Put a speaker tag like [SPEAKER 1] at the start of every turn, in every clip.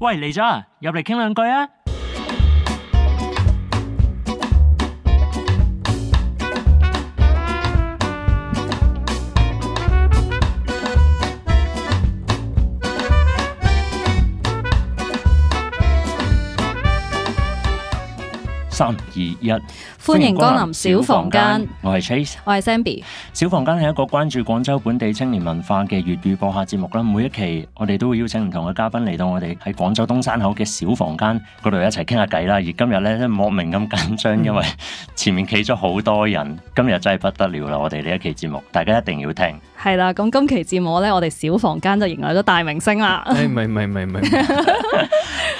[SPEAKER 1] 喂，嚟咗啊，入嚟傾兩句啊！三二一，歡迎光臨 小房間。 我係是 Trace，我係 Zenbi。小房間係一個關注廣州本地青年文化嘅粵語播客節目啦。每一期我哋都會邀請唔同嘅嘉賓嚟到我哋喺廣州東山口嘅小房間嗰度一齊傾下偈啦。而今日咧，莫名咁緊張，嗯、因為前面企咗好多人，今日真係不得了啦！我哋呢一期節目，大家一定要聽。
[SPEAKER 2] 係啦，咁今期節目咧，我哋小房間就迎來咗大明星啦、哎。
[SPEAKER 1] 哎，係，係，係。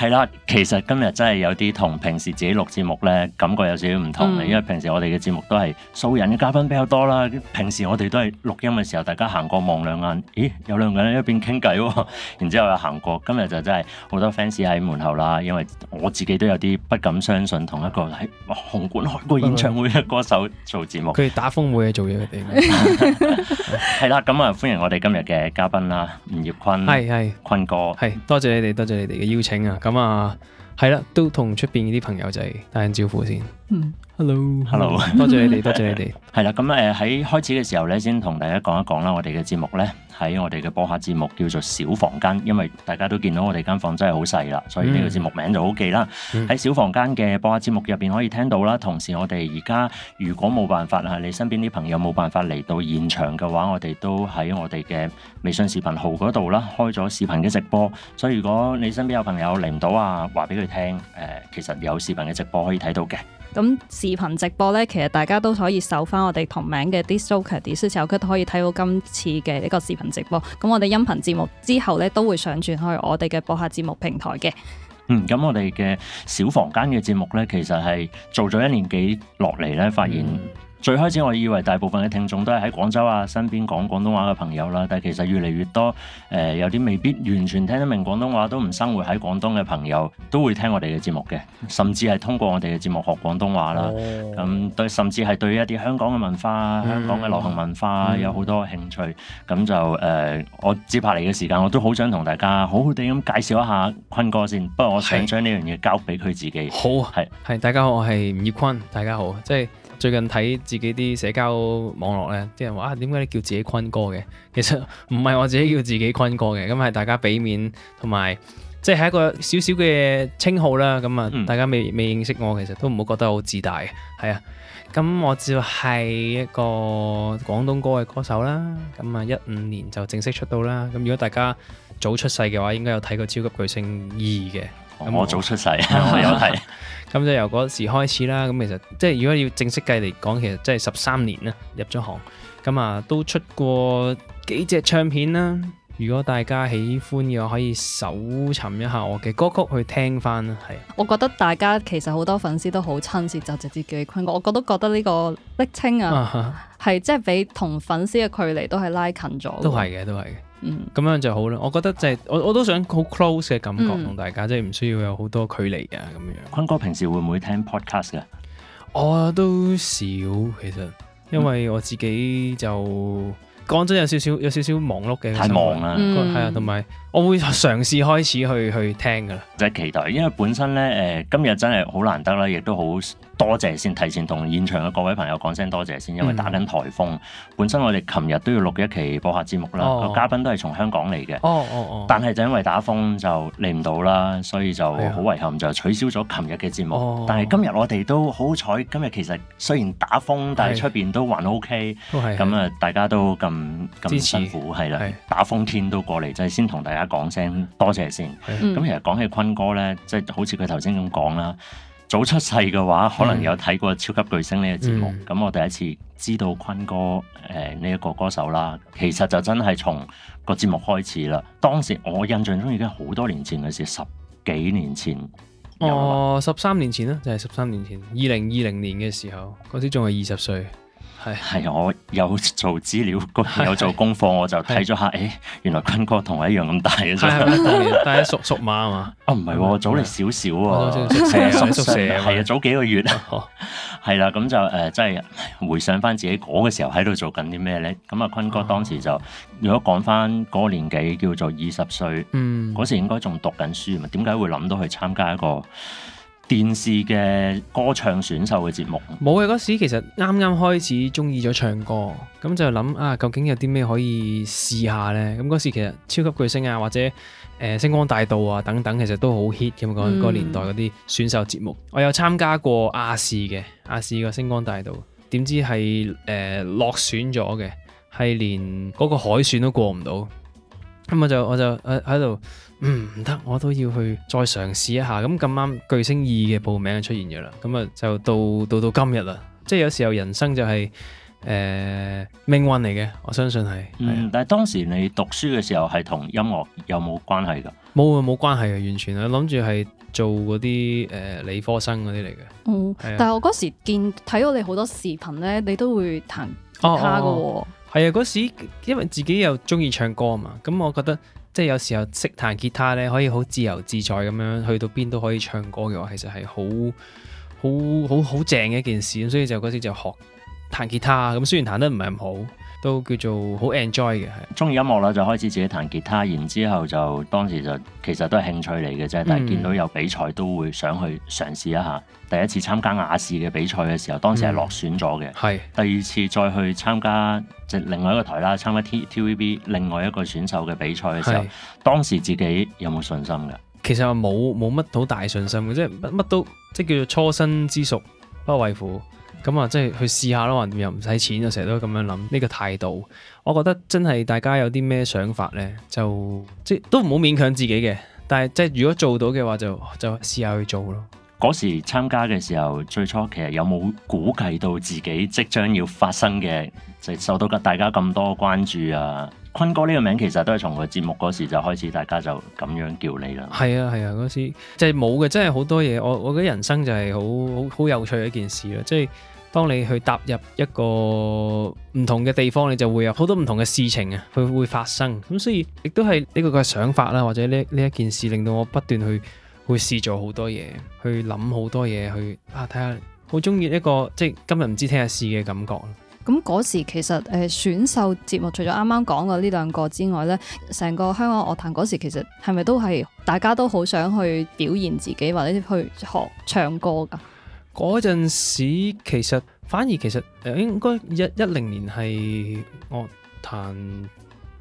[SPEAKER 1] 係啦，其實今日真係有啲同平時自己錄節目咧，感覺有少少唔同嘅，嗯、因為平時我哋嘅節目都係素人嘅嘉賓比較多啦。平時我哋都係錄音嘅時候，大家行過望兩眼，咦，有兩個人一邊傾偈，然之後又行過。今日就真係好多 fans 喺門口啦，因為我自己都有啲不敢相信同一個喺紅館開過演唱會嘅歌手做節目。佢
[SPEAKER 3] 打風冇嘢做嘅，佢哋。
[SPEAKER 1] 係 啦，咁啊，歡迎我哋今日嘅嘉賓啦，吳業坤，係係，坤哥，係，多謝你哋，多謝你哋嘅邀請啊。咁啊，係啦、嗯，都
[SPEAKER 3] 同出面啲朋友仔打下招呼先。Hello，, Hello 多謝你哋， 多謝
[SPEAKER 1] 你哋。係啦， 咁誒喺開始嘅時候咧，先同大家講一講啦。我哋嘅節目咧，喺我哋嘅播客節目叫做小房間，因為大家都見到我哋間房真係好細啦，所以呢個節目名就好記啦。喺、嗯、小房間嘅播客節目入邊可以聽到啦。同時，我哋而家如果冇辦法啊，你身邊啲朋友冇辦法嚟到現場嘅話，我哋都喺我哋嘅微信視頻號嗰度啦，開咗視頻嘅直播。所以如果你身邊有朋友嚟唔到啊，話俾佢聽，誒、呃，其實有視頻嘅直播可以睇到嘅。
[SPEAKER 2] 咁視頻直播咧，其實大家都可以搜翻我哋同名嘅 Disc Joker，都可以睇到今次嘅一個視頻直播。咁我哋音頻節目之後咧，都會上傳去我哋嘅播客節目平台嘅。
[SPEAKER 1] 嗯，咁我哋嘅小房間嘅節目咧，其實係做咗一年幾落嚟咧，發現。最開始我以為大部分嘅聽眾都係喺廣州啊，身邊講廣東話嘅朋友啦，但係其實越嚟越多，誒、呃、有啲未必完全聽得明廣東話都唔生活喺廣東嘅朋友都會聽我哋嘅節目嘅，甚至係通過我哋嘅節目學廣東話啦。咁對、哦嗯，甚至係對一啲香港嘅文化、嗯、香港嘅流行文化有好多興趣。咁、嗯、就誒、呃，我接下嚟嘅時間我都好想同大家好好地咁介紹一下坤哥先。是不過我想將呢樣嘢交俾佢自己。好，係是。
[SPEAKER 3] 係，大家好，我係吳業坤。大家好，即係。最近睇自己啲社交網絡咧，啲人話點解你叫自己坤哥嘅？其實唔係我自己叫自己坤哥嘅，咁係大家俾面同埋，即係一個少少嘅稱號啦。咁啊，大家未未認識我，其實都唔好覺得好自大嘅。係啊，咁我只係一個廣東歌嘅歌手啦。咁啊，一五年就正式出道啦。咁如果大家早出世嘅話，應該有睇過《超級巨聲二》嘅。咁、嗯、我早出世，我又係，咁 就由嗰時開始啦。咁其實即係如果要正式計嚟講，其實即係十三年啦，入咗行，咁啊都出過幾隻唱片啦。如果大家喜歡嘅話，可以搜尋一下我嘅歌曲去聽翻。係，
[SPEAKER 2] 我覺得大家其實好多粉絲都好親切，就直接叫坤哥。我我都覺得呢個暱稱啊，係即係比同粉絲嘅距離都係拉近咗。都係
[SPEAKER 3] 嘅，都係嘅。嗯，咁樣就好啦，我覺得即係我我都想好 close 嘅感覺同、嗯、大家，即係唔需要有好多距離嘅咁樣。
[SPEAKER 1] 坤哥平時會唔會聽 podcast 嘅？我都少其實，
[SPEAKER 3] 因為我自己就講真有少少有少少忙碌嘅。太忙啦，係啊同埋。嗯我會嘗試開始去去聽噶啦，
[SPEAKER 1] 即係期待，因為本身咧誒、呃，今日真係好難得啦，亦都好多謝先，提前同現場嘅各位朋友講聲多謝先，因為打緊颱風，嗯、本身我哋琴日都要錄一期播客節目啦，個嘉、哦、賓都係從香港嚟嘅，哦哦、
[SPEAKER 3] 但
[SPEAKER 1] 係就因為打風就嚟唔到啦，所以就好遺憾就取消咗琴日嘅節目，哦、但係今日我哋都好彩，今日其實雖然打風，但係出邊都還 OK，咁啊，大家都咁咁辛苦係啦，打風天都過嚟，就係、是、先同大家大家講聲多謝先。咁、嗯、其實講起坤哥呢，即、就、係、是、好似佢頭先咁講啦。早出世嘅話，可能有睇過《超級巨聲》呢、這個節目。咁、嗯嗯、我第一次知道坤哥誒呢一個歌手啦。其實就真係從個節目開始啦。當時我印象中已經好多年前嘅事，十幾年前。
[SPEAKER 3] 哦，十三、呃、年前啦，就係十三年前，二零一零年嘅時候，嗰時仲係二十歲。
[SPEAKER 1] 係係，我有做資料，有做功課，我就睇咗下，誒，原來坤哥同我一樣咁大嘅啫，但係屬屬
[SPEAKER 3] 馬啊嘛，
[SPEAKER 1] 啊唔係，早你少少成啊，蛇屬蛇，係啊，早幾個月，係啦，咁就誒，即係回想翻自己嗰個時候喺度做緊啲咩咧，咁啊，坤哥當時就如果講翻嗰個年紀叫做二十歲，嗰時應該仲讀緊書嘛，點解會諗到去參加一個？電視嘅歌唱選秀嘅節目，
[SPEAKER 3] 冇啊！嗰時其實啱啱開始中意咗唱歌，咁就諗啊，究竟有啲咩可以試下呢？咁嗰時其實《超級巨星》啊，或者誒《星光大道》啊等等，其實都好 hit 咁嗰年代嗰啲選秀節目。我有參加過亞視嘅亞視嘅《星光大道》，點知係誒落選咗嘅，係連嗰個海選都過唔到。咁我就我就喺度。唔得、嗯，我都要去再嘗試一下。咁咁啱，巨聲二嘅報名就出現咗啦。咁啊，就到到到今日啦。即係有時候人生就係、是、誒、呃、命運嚟嘅，我相信係、嗯。
[SPEAKER 1] 但係當時你讀書嘅時候係同音樂有冇關係噶？
[SPEAKER 3] 冇啊，冇關係，完全啊，諗住係做嗰啲誒理科生嗰啲嚟嘅。嗯、
[SPEAKER 2] 的但係我嗰時見睇我哋好多視頻呢，你都會彈吉他噶。
[SPEAKER 3] 係啊、哦哦哦，嗰時因為自己又中意唱歌啊嘛，咁我覺得。即係有時候識彈吉他咧，可以好自由自在咁樣，去到邊都可以唱歌嘅話，其實係好好好好正嘅一件事。所以就嗰時就學彈吉他，咁雖然彈得唔係咁好。都叫做好 enjoy 嘅，係
[SPEAKER 1] 中意音樂啦，就開始自己彈吉他，然之後就當時就其實都係興趣嚟嘅啫。但係見到有比賽都會想去嘗試一下。第一次參加亞視嘅比賽嘅時候，當時係落選咗嘅。係、嗯、第二次再去參加就另外一個台啦，參加 TVB 另外一個選手嘅比賽嘅時候，是當時自己有冇信心㗎？
[SPEAKER 3] 其實冇冇乜好大信心嘅，即係乜都即係叫做初生之犢不畏虎。咁啊，即係去試下咯，橫掂又唔使錢，就成日都咁樣諗呢個態度。我覺得真係大家有啲咩想法咧，就即都唔好勉強自己嘅。但係即如果做到嘅話就，就就試下去做咯。
[SPEAKER 1] 嗰時參加嘅時候，最初其實有冇估計到自己即將要發生嘅，就受到咁大家咁多關注啊？坤哥呢個名其實都係從佢節目嗰時就開始，大家就咁樣叫你啦。
[SPEAKER 3] 係啊係啊，嗰、啊、時即係冇嘅，真係好多嘢。我我覺得人生就係好好好有趣嘅一件事咯。即係當你去踏入一個唔同嘅地方，你就會有好多唔同嘅事情啊，佢會發生。咁所以亦都係呢個嘅想法啦，或者呢呢一，一件事令到我不斷去去試做好多嘢，去諗好多嘢，去啊睇下好中意一個即係今日唔知聽日試嘅感覺。
[SPEAKER 2] 咁嗰時其實誒選秀節目除咗啱啱講過呢兩個之外咧，成個香港樂壇嗰時其實係咪都係大家都好想去表現自己或者去學唱歌㗎？
[SPEAKER 3] 嗰陣時其實反而其實誒、呃、應該一一零年係樂壇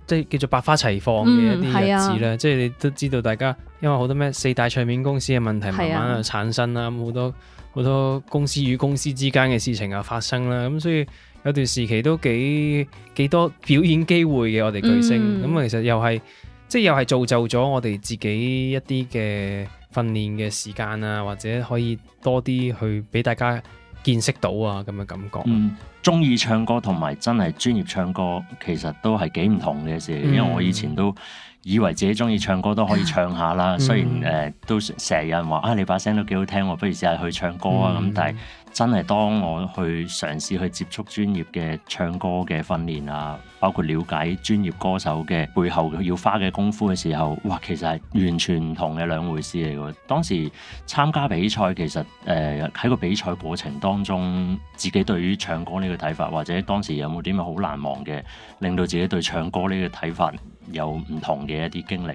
[SPEAKER 3] 即係、就是、叫做百花齊放嘅一啲日子啦，即係、嗯啊、你都知道大家因為好多咩四大唱片公司嘅問題慢慢啊產生啦，咁好、啊、多好多公司與公司之間嘅事情啊發生啦，咁所以。有段時期都幾幾多表演機會嘅我哋巨星，咁、嗯、其實又係即係又係造就咗我哋自己一啲嘅訓練嘅時間啊，或者可以多啲去俾大家見識到啊咁嘅感覺。嗯，
[SPEAKER 1] 中意唱歌同埋真係專業唱歌其實都係幾唔同嘅事，因為我以前都以為自己中意唱歌都可以唱下啦，嗯、雖然誒、呃、都成日有人話啊，你把聲都幾好聽，不如試下去唱歌啊咁，嗯、但係。真係當我去嘗試去接觸專業嘅唱歌嘅訓練啊，包括了解專業歌手嘅背後要花嘅功夫嘅時候，哇，其實係完全唔同嘅兩回事嚟嘅。當時參加比賽，其實誒喺、呃、個比賽過程當中，自己對於唱歌呢個睇法，或者當時有冇啲咩好難忘嘅，令到自己對唱歌呢個睇法有唔同嘅一啲經歷？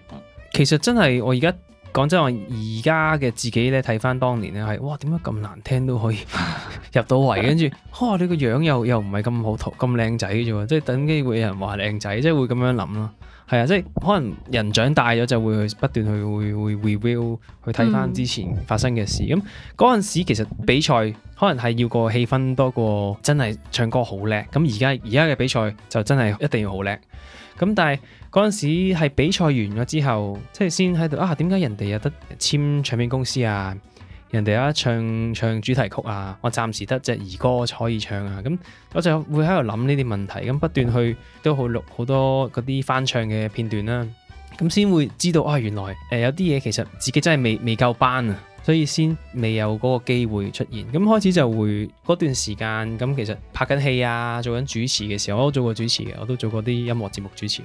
[SPEAKER 3] 其實真係我而家。講真話而家嘅自己咧，睇翻當年咧係，哇！點解咁難聽都可以 入到圍？跟住，嚇你個樣又又唔係咁好睇，咁靚仔啫喎！即係等機會有人話靚仔，即係會咁樣諗咯。係啊，即係可能人長大咗就會不斷去會、會、會 review 去睇返之前發生嘅事。咁嗰陣時其實比賽可能係要個氣氛多過真係唱歌好叻。咁而家而家嘅比賽就真係一定要好叻。咁但係嗰陣時係比賽完咗之後，即係先喺度啊，點解人哋有得簽唱片公司啊？人哋啊，唱唱主題曲啊，我暫時得隻兒歌可以唱啊。咁我就會喺度諗呢啲問題，咁不斷去都好錄好多嗰啲翻唱嘅片段啦、啊。咁先會知道啊，原來誒、呃、有啲嘢其實自己真係未未夠班啊，所以先未有嗰個機會出現。咁開始就會嗰段時間咁，其實拍緊戲啊，做緊主持嘅時候，我都做過主持嘅，我都做過啲音樂節目主持。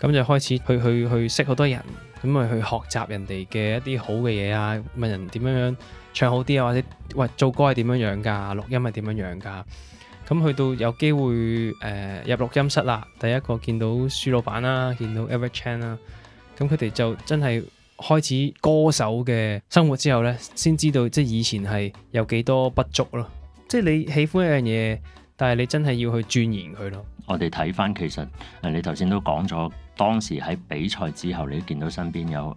[SPEAKER 3] 咁就開始去去去識好多人，咁咪去學習人哋嘅一啲好嘅嘢啊，問人點樣樣唱好啲啊，或者喂做歌係點樣樣㗎？錄音係點樣樣㗎？咁去到有機會誒、呃、入錄音室啦，第一個見到舒老闆啦，見到 Ever Chan 啦，咁佢哋就真係開始歌手嘅生活之後呢，先知道即係以前係有幾多不足咯。即係你喜歡一樣嘢，但係你真係要去鑽研佢
[SPEAKER 1] 咯。我哋睇翻其實，你頭先都講咗。當時喺比賽之後，你都見到身邊有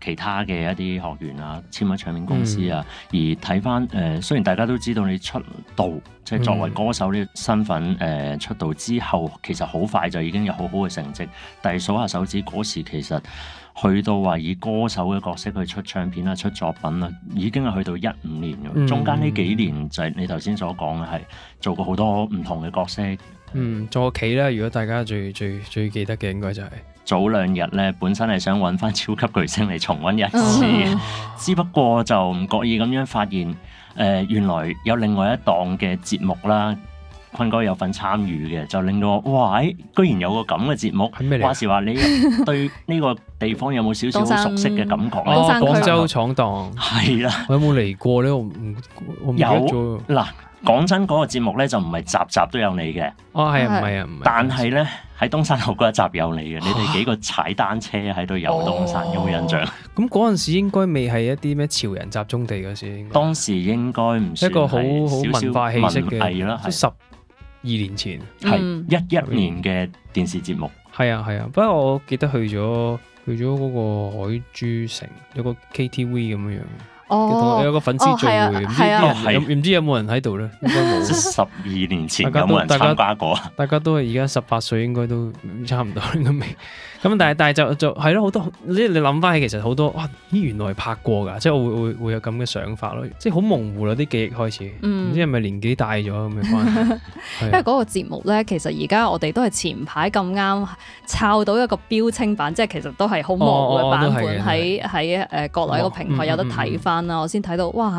[SPEAKER 1] 其他嘅一啲學員啊、簽咗唱片公司啊。嗯、而睇翻誒，雖然大家都知道你出道，即係作為歌手呢身份誒、呃、出道之後，其實好快就已經有好好嘅成績。但係數下手指嗰時，其實去到話以歌手嘅角色去出唱片啊、出作品啊，已經係去到一五年、嗯、中間呢幾年就係你頭先所講嘅係做過好多唔同嘅角色。
[SPEAKER 3] 嗯，坐企啦！如果大家最最最記得嘅，就是，應該就係
[SPEAKER 1] 早兩日咧，本身係想揾翻超級巨聲嚟重溫一次，嗯、哼只不過就唔覺意咁樣發現，誒、呃，原來有另外一檔嘅節目啦，坤哥有份參與嘅，就令到我，哇！居然有個咁嘅節目，話時話你對呢個地方有冇少少熟悉嘅感覺咧？ 東山，廣州闖蕩，係啦、哦，
[SPEAKER 3] 啊、的我有冇嚟過呢？我唔，我唔記得咗。
[SPEAKER 1] 嗱。講真，嗰、嗰個節目咧就唔係集集都有你嘅。哦，係啊，唔係啊。唔、啊、但係咧喺東山口嗰一集有你嘅，啊、你哋幾個踩單車喺度遊東山，有冇印象？
[SPEAKER 3] 咁嗰陣時應該未係一啲咩潮人集中地嗰時。應該
[SPEAKER 1] 當時應該唔算係一個好好文化氣息嘅。係啦，十二的的年前，係一一年嘅電視節目。
[SPEAKER 3] 係啊係啊，不過我記得去咗去咗嗰個海珠城，有個 K T V 咁樣樣。
[SPEAKER 4] 哦，有個粉絲聚
[SPEAKER 3] 會，呢啲人唔知有冇人喺度咧，應該冇。
[SPEAKER 1] 十二年前有冇人參加過？ 大家都，
[SPEAKER 3] 大家都係而家十八歲，應該都差唔多都未。 咁但係但係就就係咯，好多，即係你諗翻起其實好多哇，咦，原來拍過噶即係我會會會有咁嘅想法咯，即係好模糊啦啲記憶開始，唔知係咪年紀大咗咁嘅關係，
[SPEAKER 2] 因為嗰個節目咧，其實而家我哋都係前排咁啱抄到一個標清版，即係其實都係好模糊嘅版本喺喺誒國內一個平台有得睇翻啦，我先睇到哇，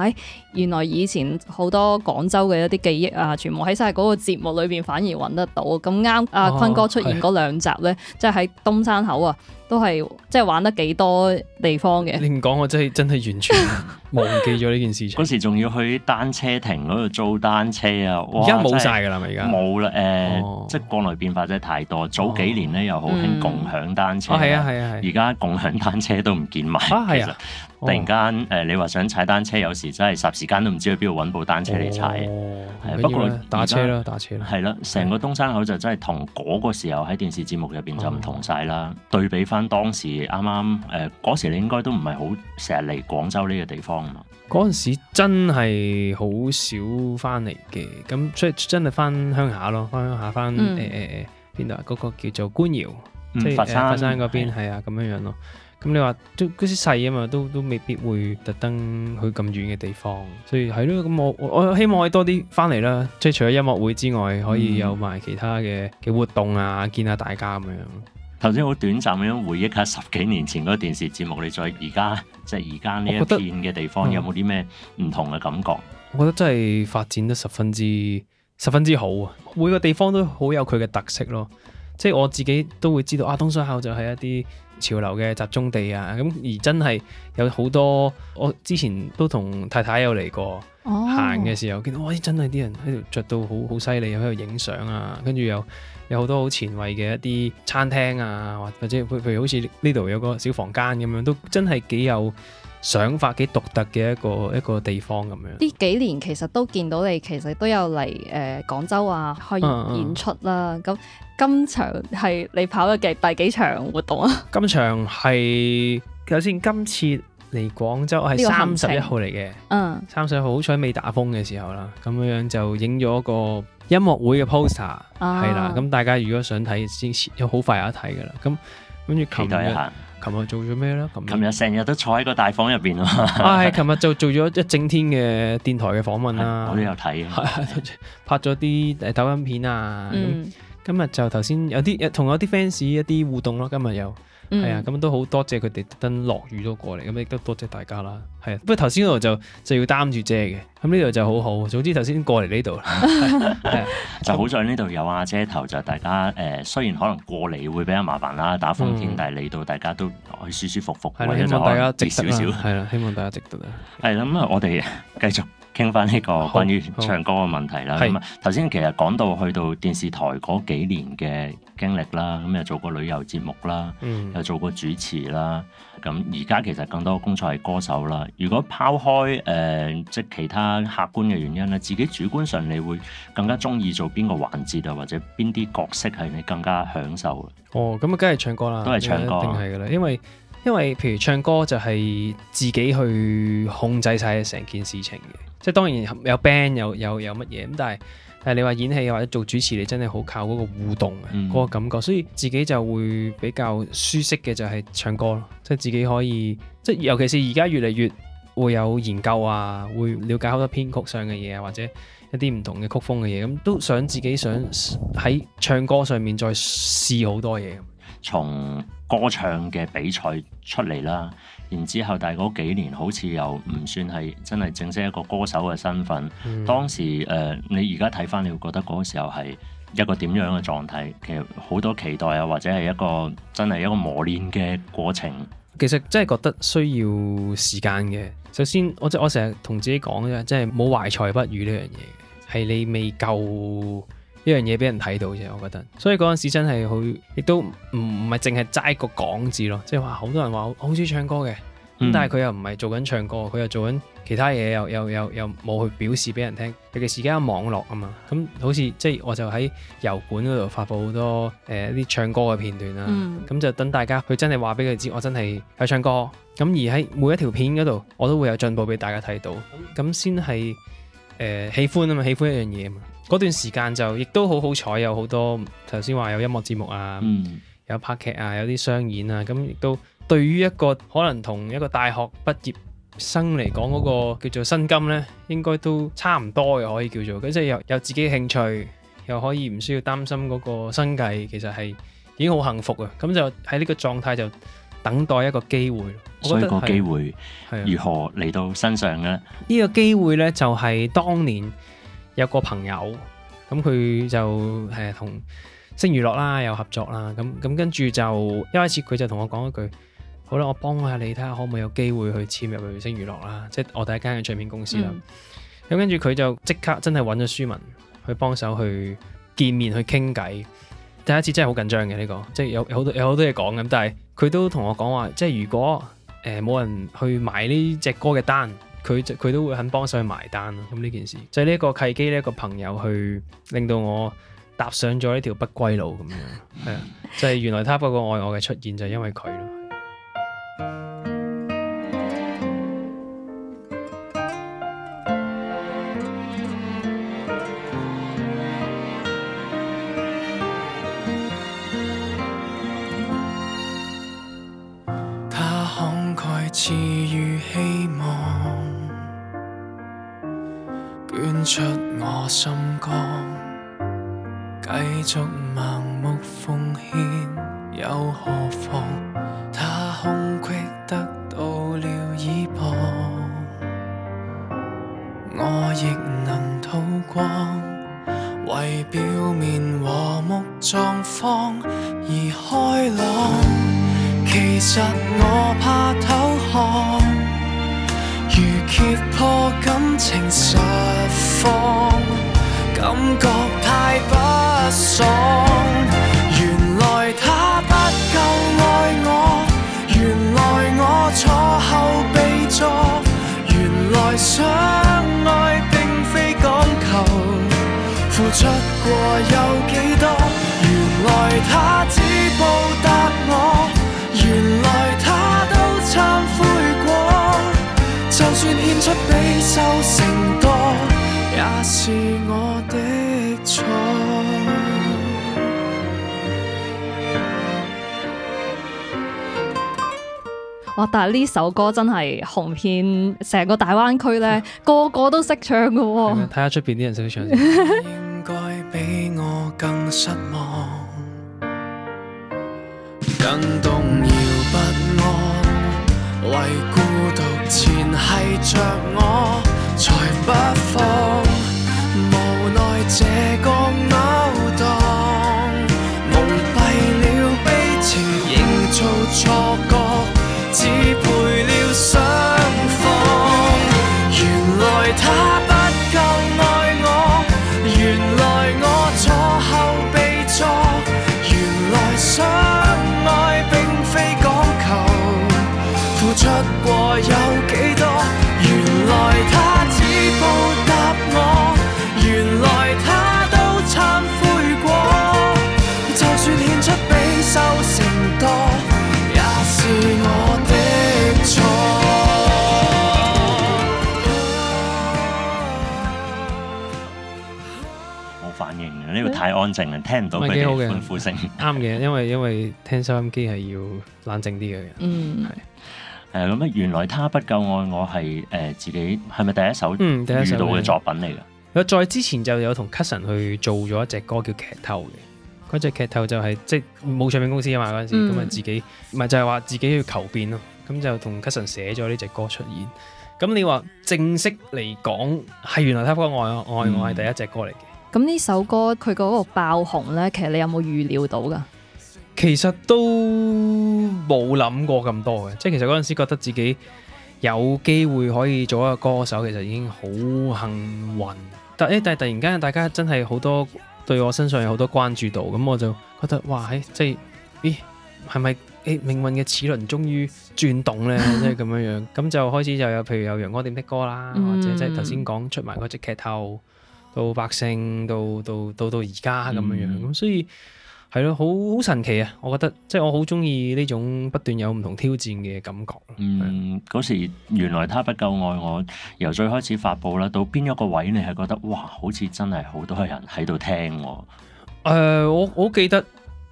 [SPEAKER 2] 原來以前好多廣州嘅一啲記憶啊，全部喺晒嗰個節目裏邊反而揾得到，咁啱阿坤哥出現嗰兩集咧，即係喺東山。山口啊，都係即係玩得幾多地方嘅。你唔
[SPEAKER 1] 講我真係真係完全忘記咗呢件事情。嗰時仲要去單車亭嗰度租單車啊！而家冇晒噶啦，咪而家冇啦。誒，即係國內變化真係太多。早幾年咧又好興共享單車，係啊係啊。而家共享單車都唔見埋。啊，係啊！突然間誒，你話想踩單車，有時真係霎時間都唔知去邊度搵部單車嚟踩。不過打車咯，打車。係啦，成個東山口就真係同嗰個時候喺電視節目入邊就唔同晒啦。對比翻當時啱啱誒嗰時，你應該都唔係好成日嚟廣州呢個地方啊嘛。
[SPEAKER 3] 嗰陣時真係好少翻嚟嘅，咁所以真係翻鄉下咯，翻鄉下翻誒誒邊度啊？嗰、嗯呃嗰個叫做官窑，嗯、即係是佛山、呃、佛山嗰邊係啊，咁樣的樣咯。咁你話都嗰啲細啊嘛，都都未必會特登去咁遠嘅地方，所以係咯。咁我我希望可以多啲翻嚟啦，即係除咗音樂會之外，可以有埋其他嘅嘅活動啊，見下大家咁樣。
[SPEAKER 1] 頭先好短暫咁樣回憶下十幾年前嗰電視節目，你再而家即係而家呢一片嘅地方，有冇啲咩唔同嘅感覺，嗯？
[SPEAKER 3] 我覺得真係發展得十分之十分之好啊！每個地方都好有佢嘅特色咯。即係我自己都會知道啊，東山口就係一啲潮流嘅集中地啊。咁而真係有好多，我之前都同太太有嚟過，
[SPEAKER 4] 哦、行嘅
[SPEAKER 3] 時候，見到哇！真係啲人喺度着到好好犀利，喺度影相啊，跟住又～有好多好前衛嘅一啲餐廳啊，或者譬如好似呢度有個小房間咁樣，都真係幾有想法、幾獨特嘅一個一個地方咁
[SPEAKER 2] 樣。呢幾年其實都見到你，其實都有嚟誒、呃、廣州啊，開演出啦、啊。咁、嗯嗯、今場係你跑嘅第幾場活動啊？
[SPEAKER 3] 今場係首先今次嚟廣州係三十一號嚟嘅，嗯，三十一號好彩未打風嘅時候啦，咁樣樣就影咗一個。音樂會嘅 poster，係啦、啊，咁大家如果想睇，先好快有得睇噶啦。咁跟住琴日，琴日做咗咩咧？
[SPEAKER 1] 琴日成日都坐喺個大房入邊咯。 啊，
[SPEAKER 3] 琴日就做咗一整天嘅電台嘅訪問啦。我都有睇， 拍咗啲誒抖音片啊。咁、嗯、今日就頭先有啲同我啲 fans 一啲互動咯。今日又。係啊，咁、嗯、都好多謝佢哋特登落雨都過嚟，咁亦都多謝大家啦。係，不過頭先嗰度就就要擔住遮嘅，咁呢度就好好。總之頭先過嚟呢度，
[SPEAKER 1] 就好在呢度有阿、啊、遮頭，就大家誒，雖然可能過嚟會比較麻煩啦，打風天，嗯、但係嚟到大家都可舒舒服服，為咗大家避少少。
[SPEAKER 3] 係啦，希望大家值得啦。
[SPEAKER 1] 係啦，咁啊，我哋繼續。傾翻呢個關於唱歌嘅問題啦，咁頭先其實講到去到電視台嗰幾年嘅經歷啦，咁又做過旅遊節目啦，嗯、又做過主持啦，咁而家其實更多工作係歌手啦。如果拋開誒、呃、即係其他客觀嘅原因咧，自己主觀上你會更加中意做邊個環節啊，或者邊啲角色係你更加享受
[SPEAKER 3] 嘅？哦，咁啊，梗係唱歌啦，都係唱歌啦，因為，因為譬如唱歌就係自己去控制晒成件事情嘅，即係當然有 band 有有有乜嘢咁，但係但係你話演戲或者做主持，你真係好靠嗰個互動啊，嗰個感覺，嗯、所以自己就會比較舒適嘅就係唱歌咯，即係自己可以即係尤其是而家越嚟越會有研究啊，會了解好多編曲上嘅嘢啊，或者一啲唔同嘅曲風嘅嘢，咁都想自己想喺唱歌上面再試好多嘢。
[SPEAKER 1] 從歌唱嘅比賽出嚟啦，然後之後但係嗰幾年好似又唔算係真係正式一個歌手嘅身份。嗯、當時誒、呃，你而家睇返，你會覺得嗰個時候係一個點樣嘅狀態？其實好多期待啊，或者係一個真係一個磨練嘅過程。
[SPEAKER 3] 其實真係覺得需要時間嘅。首先，我即我成日同自己講嘅，即係冇懷才不遇呢樣嘢，係你未夠。一樣嘢俾人睇到啫，我覺得。所以嗰陣時真係好，亦都唔唔係淨係齋個講字咯，即係話好多人話好鍾意唱歌嘅，
[SPEAKER 1] 咁、嗯、但係佢
[SPEAKER 3] 又唔係做緊唱歌，佢又做緊其他嘢，又又又冇去表示俾人聽。尤其是而家網絡啊嘛，咁好似即係我就喺油管嗰度發布好多誒啲、呃、唱歌嘅片段啦，咁、嗯、就等大家佢真係話俾佢知，我真係喺唱歌。咁而喺每一條片嗰度，我都會有進步俾大家睇到，咁先係誒喜歡啊嘛，喜歡一樣嘢啊嘛。嗰段時間就亦都好好彩，有好多頭先話有音樂節目啊，
[SPEAKER 4] 嗯、
[SPEAKER 3] 有拍劇啊，有啲商演啊，咁亦都對於一個可能同一個大學畢業生嚟講嗰個叫做薪金呢，應該都差唔多嘅，可以叫做即係、就是、有有自己興趣，又可以唔需要擔心嗰個生計，其實係已經好幸福啊！咁就喺呢個狀態就等待一個機會，我覺得所以個機會
[SPEAKER 1] 如何嚟到身上嘅
[SPEAKER 3] 呢、啊呢個機會呢，就係、是、當年。有個朋友，咁佢就誒同星娛樂啦，有合作啦，咁咁跟住就一開始佢就同我講一句，好啦，我幫下你睇下可唔可以有機會去簽入去星娛樂啦，即係我第一間嘅唱片公司啦。咁、嗯、跟住佢就即刻真係揾咗舒文去幫手去見面去傾偈。第一次真係好緊張嘅呢、呢個，即係有好多有好多嘢講咁，但係佢都同我講話，即係如果誒冇、呃、人去買呢隻歌嘅單。佢佢都會肯幫手去埋單咯，咁呢件事就係呢個契機咧，個朋友去令到我踏上咗呢條不歸路咁樣，係啊、 嗯，就係原來他不夠愛我嘅出現就係因為佢咯。
[SPEAKER 5] 我心肝，繼續盲目奉獻，又何妨？
[SPEAKER 2] 哦，但係呢首歌真係紅遍成個大灣區呢，嗯，個個都識唱㗎，哦。
[SPEAKER 3] 睇下出
[SPEAKER 5] 邊啲人識唔識唱？
[SPEAKER 1] 呢度太安靜啦，聽唔到佢哋歡呼聲。
[SPEAKER 3] 啱嘅、嗯， 因為因為聽收音機係要冷靜啲嘅。嗯，係是。誒
[SPEAKER 1] 咁啊，原來他不夠愛我係誒自己係咪第一首、嗯？第一首嘅作品嚟嘅。
[SPEAKER 3] 有再之前就有同 c u s h o n 去做咗一隻歌叫《劇透》嘅。嗰、那、隻、個、劇透就係、是、即冇唱片公司啊嘛嗰陣時，咁啊、嗯、自己咪就係、是、話自己要求變咯。咁就同 c u s h o n 寫咗呢隻歌出現。咁你話正式嚟講係原來他不夠愛我愛我係第一隻歌嚟嘅。嗯嗯。
[SPEAKER 2] 咁呢首歌佢嗰個爆紅呢，其實你有冇預料到噶？
[SPEAKER 3] 其實都冇諗過咁多嘅，即係其實嗰陣時覺得自己有機會可以做一個歌手，其實已經好幸運。但係但係突然間，大家真係好多對我身上有好多關注度，咁我就覺得哇，喺即係，咦係咪誒命運嘅齒輪終於轉動呢？即係咁樣樣，咁就開始就有譬如有陽光點的歌啦，或者即係頭先講出埋嗰隻劇透。到百姓，到到到到而家咁樣樣，咁、嗯、所以係咯，好好神奇啊！我覺得即係、就是、我好中意呢種不斷有唔同挑戰
[SPEAKER 1] 嘅感覺。嗯，嗰時原來他不夠愛我，由最開始發布啦，到邊一個位你係覺得哇，好似真係好多人喺度聽我？
[SPEAKER 3] 呃、我我記得。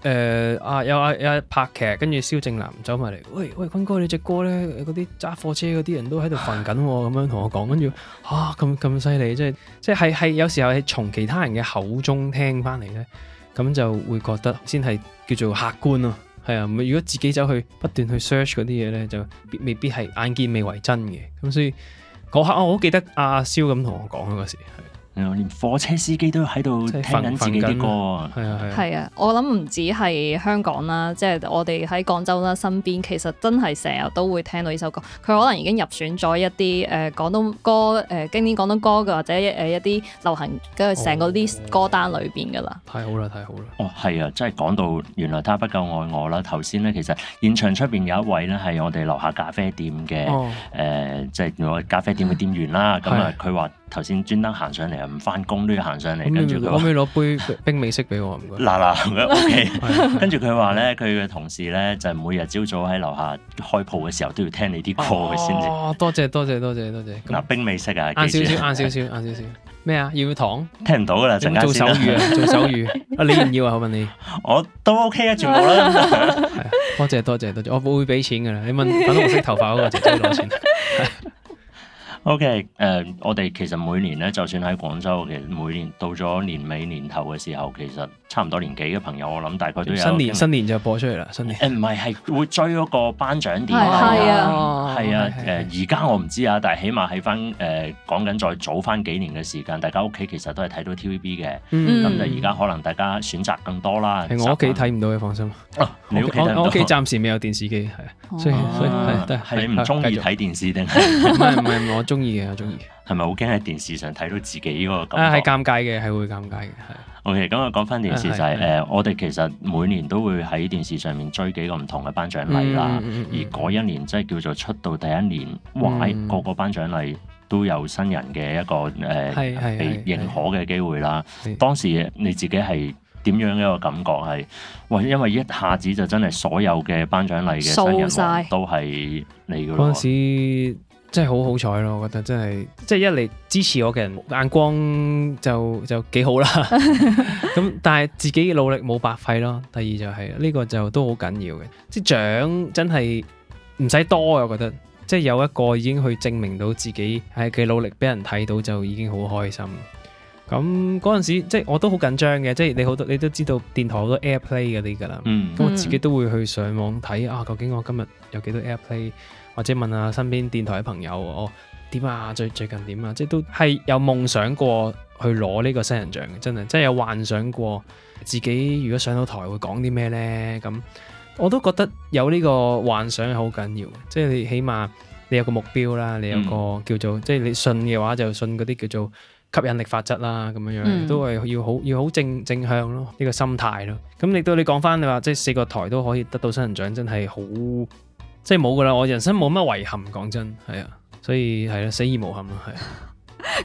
[SPEAKER 3] 誒、呃、啊！又啊又、啊、拍劇，跟住蕭正楠走埋嚟，喂喂，坤哥，你隻歌咧，嗰啲揸貨車嗰啲人都喺度煩緊喎，咁樣同我講，跟住啊咁咁犀利，即係即係係係有時候係從其他人嘅口中聽翻嚟咧，咁就會覺得先係叫做客觀啊，係啊，如果自己走去不斷去 search 嗰啲嘢咧，就必未必係眼見未為真嘅，咁所以嗰刻、啊、我好記得阿、啊、蕭咁同
[SPEAKER 1] 我講嗰時。誒，連火車司機都喺度聽緊自己啲歌 啊！係啊，係啊，係
[SPEAKER 2] 啊，我諗唔止係香港啦，即係我哋喺廣州啦，身邊其實真係成日都會聽到呢首歌。佢可能已經入選咗一啲誒廣東歌、誒經典廣東歌嘅，或者誒一啲流行跟住成個 list 歌單裏邊噶啦。太
[SPEAKER 1] 好啦，太好啦！哦，係啊，即係講到原來他不夠愛我啦。頭先咧，其實現場出邊有一位咧係我哋樓下咖啡店嘅誒，即係咖啡店嘅店員啦。咁 啊，佢話。頭先專登行上嚟啊！唔翻工都要行上嚟，跟住佢話，可唔可以
[SPEAKER 3] 攞杯冰美式俾我？嗱嗱，O K。
[SPEAKER 1] 跟住佢話咧，佢嘅同事咧就每日朝早喺樓下開鋪嘅時候都要聽你啲歌嘅先至。
[SPEAKER 3] 哦，多謝多謝多謝多謝。嗱，冰美式啊，晏少少，晏少少，晏少少。咩啊？要糖？聽唔到噶啦，做手語啊，做手語。你要唔要啊？我問你，我都 O K 啊，全部啦。多謝多謝多謝，我唔會俾錢噶啦。你問粉紅色頭髮嗰個就攞錢。
[SPEAKER 1] OK 誒，我哋其實每年咧，就算喺廣州，其實每年到咗年尾年頭嘅時候，其實差唔多年紀嘅朋友，我諗大概都有新年新
[SPEAKER 3] 年就播出嚟啦。新
[SPEAKER 1] 年唔係係會追嗰個頒獎典禮啊！係啊，係啊。誒而家我唔知啊，但係起碼喺翻誒講緊再早翻幾年嘅時間，大家屋企其實都係睇到 TVB 嘅。咁但係而家可能大家選擇更多啦。我屋企睇
[SPEAKER 3] 唔到，你放心。啊！我屋企暫時未有電視機，係所以所以你唔中意睇
[SPEAKER 1] 電視定係唔係我？中意嘅，中意。係咪好驚喺電視上睇到自己嗰個感覺？
[SPEAKER 3] 啊，係尷尬嘅，係會尷
[SPEAKER 1] 尬嘅，係。O K，咁我講翻電視就係誒，我哋其實每年都會喺電視上面追幾個唔同嘅頒獎禮啦。嗯嗯嗯、而嗰一年即係叫做出道第一年，哇！個、嗯、個頒獎禮都有新人嘅一個誒被、呃、認可嘅機會啦。當時你自己係點樣嘅一個感覺？係哇，因為一下子就真係所有嘅頒獎禮嘅新人都係你嘅咯。嗰
[SPEAKER 3] 真係好好彩咯！我覺得真係，即係一嚟支持我嘅人眼光就就幾好啦。咁 但係自己嘅努力冇白費咯。第二就係、是、呢、呢個就都好緊要嘅。即係獎真係唔使多，我覺得即係有一個已經去證明到自己係嘅努力俾人睇到，就已經好開心。咁嗰陣時即係我都好緊張嘅，即係你好多你都知道電台好多 AirPlay 嗰啲噶啦。咁、嗯嗯、我自己都會去上網睇啊，究竟我今日有幾多 AirPlay？或者問下身邊電台嘅朋友，我點啊？最最近點啊，啊？即係都係有夢想過去攞呢個新人獎嘅，真係即係有幻想過自己如果上到台會講啲咩呢？咁我都覺得有呢個幻想係好緊要，即係你起碼你有個目標啦，嗯、你有個叫做即係你信嘅話就信嗰啲叫做吸引力法則啦，咁樣樣、嗯、都係要好要好正正向咯，呢、呢個心態咯。咁亦都你講返你話即係四個台都可以得到新人獎，真係好。即係冇噶啦，我人生冇乜遺憾，講真係啊，所以係咯，死而無憾啊。係啊。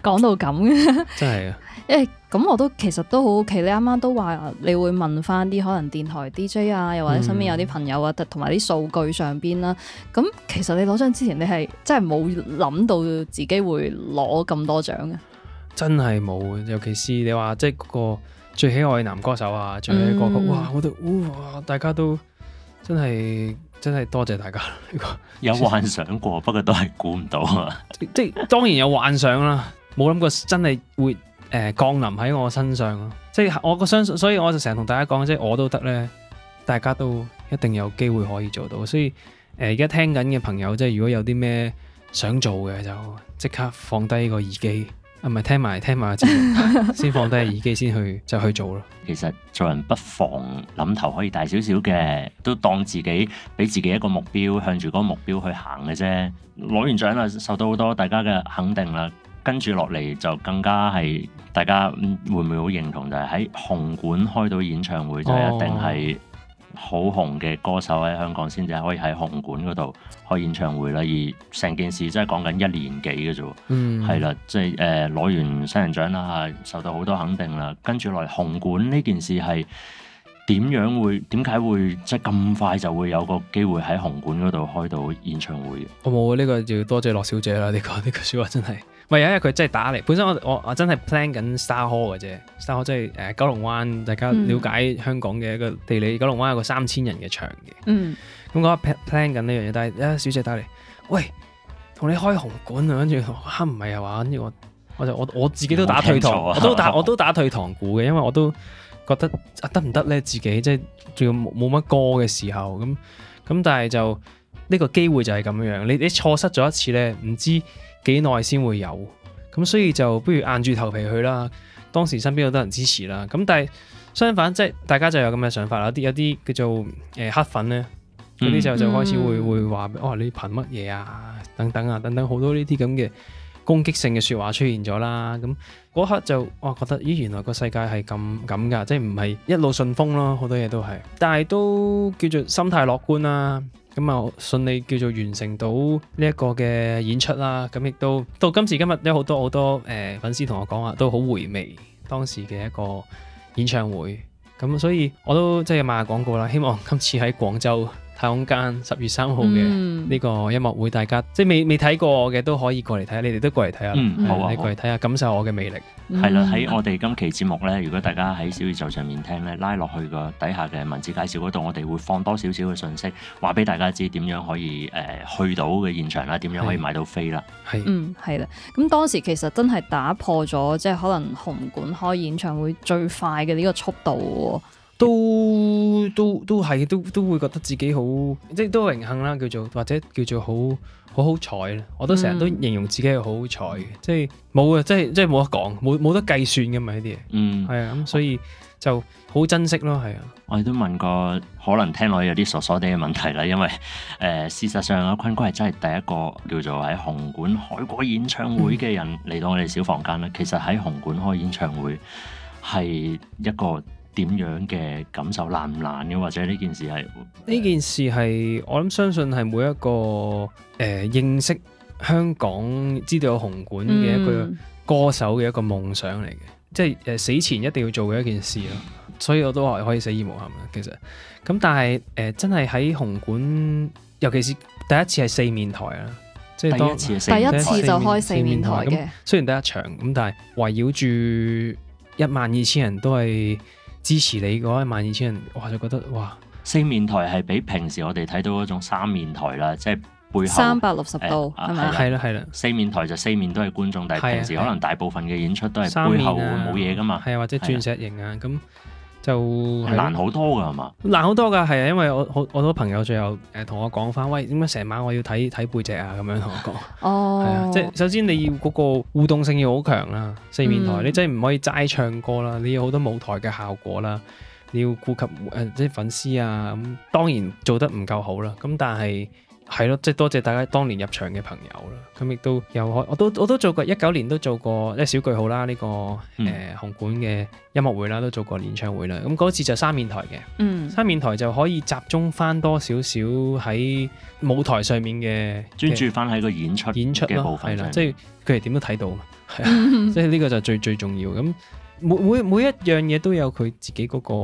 [SPEAKER 2] 講 到咁，真係啊。誒，咁我都其實都好好奇，你啱啱都話你會問翻啲可能電台 DJ 啊，又或者身邊有啲朋友啊，同埋啲數據上邊啦。咁其實你攞獎之前，你係真係冇諗到自己會攞咁多獎嘅？
[SPEAKER 3] 真係冇，尤其是你話即係嗰個最喜愛嘅男歌手啊，最喜愛歌曲，嗯、哇，我覺得哇，大家都真係。真真係多謝大家，這個、
[SPEAKER 1] 有幻想過， 不過都係估唔到啊！
[SPEAKER 3] 即係當然有幻想啦，冇諗過真係會誒、呃、降臨喺我身上咯。即係我個相信，所以我就成日同大家講，即係我都得咧，大家都一定有機會可以做到。所以誒、而、呃、家聽緊嘅朋友，即係如果有啲咩想做嘅，就即刻放低個耳機。係咪聽埋聽埋先放低耳機先，去就去做咯？其實
[SPEAKER 1] 做人不妨諗頭可以大少少嘅，都當自己俾自己一個目標，向住嗰個目標去行嘅啫。攞完獎啦，受到好多大家嘅肯定啦，跟住落嚟就更加係大家會唔會好認同？就係喺紅館開到演唱會就一定係。哦好紅嘅歌手喺香港先至可以喺紅館嗰度開演唱會啦，而成件事真係講緊一年幾嘅啫喎，係啦、嗯，即係誒攞完新人獎啦，受到好多肯定啦，跟住落嚟紅館呢件事係點樣會點解會即係咁快就會有個機會喺紅館嗰度開到演唱會？
[SPEAKER 3] 我冇啊，呢、這個要多謝樂小姐啦，你、這個呢句說話真係。喂，有一日佢真係打嚟，本身我我我真係 plan 緊 Star Hall 嘅啫，Star Hall 即係誒九龍灣，大家了解香港嘅一個地理，九龍灣有個三千人嘅場嘅。
[SPEAKER 4] 嗯，
[SPEAKER 3] 咁、嗯、我 plan 緊呢樣嘢，但係小姐打嚟，喂，同你開紅館啊，跟住吓唔係啊，跟住、啊、我，我我我自己都打退堂，我都打呵呵我都打，打退堂鼓嘅，因為我都覺得得唔得咧？自己即係仲要冇冇乜歌嘅時候，咁、嗯、咁，但係就呢、這個機會就係咁樣樣，你你錯失咗一次咧，唔知，幾耐先會有？咁所以就不如硬住頭皮去啦。當時身邊好多人支持啦。咁但係相反，即係大家就有咁嘅想法啦。啲有啲叫做誒、呃、黑粉咧，嗰啲就就開始會會話：哦，你憑乜嘢啊？等等啊，等等啊，好多呢啲咁嘅。攻擊性嘅説話出現咗啦，咁嗰刻就哇覺得咦，原來個世界係咁咁㗎，即係唔係一路順風咯，好多嘢都係，但係都叫做心態樂觀啦，咁啊順利叫做完成到呢一個嘅演出啦，咁亦都到今時今日都有好多好多誒、呃、粉絲同我講話都好回味當時嘅一個演唱會，咁所以我都即係賣下廣告啦，希望今次喺廣州。太空間十月三號嘅呢個音樂會，大家、嗯、即係未未睇過我嘅都可以過嚟睇下。你哋都過嚟睇下，嗯，看看，好啊，好啊，過嚟睇下感受
[SPEAKER 1] 我嘅魅力，係啦，喺我哋今期節目咧，如果大家喺小宇宙上面聽咧，拉落去個底下嘅文字介紹嗰度，我哋會放多少少嘅信息，話俾大家知點樣可以誒、呃、去到嘅現場啦，點樣可以買到飛啦，係，嗯，
[SPEAKER 2] 係啦，咁當時其實真係打破咗即係可能紅館開演唱會最快嘅呢個速度喎。都
[SPEAKER 3] 都都係，都都，都會覺得自己好，即係都榮幸啦，叫做或者叫做好好好彩啦。我都成日都形容自己係好好彩嘅，即係冇、嗯、啊，即係即係冇得講，冇冇得計算嘅嘛呢啲。嘢。嗯，係啊，咁所以就好珍惜咯，係啊。
[SPEAKER 1] 我哋都問過可能聽落有啲傻傻哋嘅問題啦，因為誒、呃、事實上阿坤哥係真係第一個叫做喺紅館開過演唱會嘅人嚟到我哋小房間啦。嗯、其實喺紅館開演唱會係一個。點樣嘅感受難唔難嘅，或者呢件事係
[SPEAKER 3] 呢件事係我諗相信係每一個誒、呃、認識香港知道有紅館嘅一個,、嗯、一個歌手嘅一個夢想嚟嘅，即係誒死前一定要做嘅一件事咯。所以我都係可以死而無憾嘅。其實咁，但係誒、呃、真係喺紅館，尤其是第一次係四面台啊，即係第一次就開四面台嘅。雖然第一場咁，但係圍繞住一萬二千人都係。支持你嗰一萬二千人，我就覺得哇！
[SPEAKER 1] 四面台係比平時我哋睇到嗰種三面台啦，即係背後三百
[SPEAKER 2] 六十度係咪？係
[SPEAKER 1] 啦，係啦，四面台就四面都係觀眾，但係平時可能大部分嘅演出都係背後會冇嘢㗎嘛，係啊，或者、啊啊、鑽石型啊咁。就係、難好多噶
[SPEAKER 3] 係嘛？難好多㗎係啊，因為我好好多朋友最後誒同、呃、我講翻，喂點解成晚我要睇睇背脊啊咁樣同我講。哦，
[SPEAKER 5] 係啊，即係
[SPEAKER 3] 首先你要嗰個互動性要好強啦，四面台、嗯、你真係唔可以齋唱歌啦，你要好多舞台嘅效果啦，你要顧及、呃、即係粉絲啊。咁、嗯、當然做得唔夠好啦，咁、嗯、但係。係咯，即係多謝，謝大家當年入場嘅朋友啦。咁亦都有我都，都我都做過一九年都做過一小句號啦，呢、呢個誒、呃、紅館嘅音樂會啦，都做過演唱會啦。咁嗰次就三面台嘅，嗯、三面台就可以集中翻多少少喺舞台上面嘅，專注翻喺個演出演出嘅部分上，即係佢係點都睇到，係啊，即係呢個就最最重要咁。每每每一樣嘢都有佢自己嗰個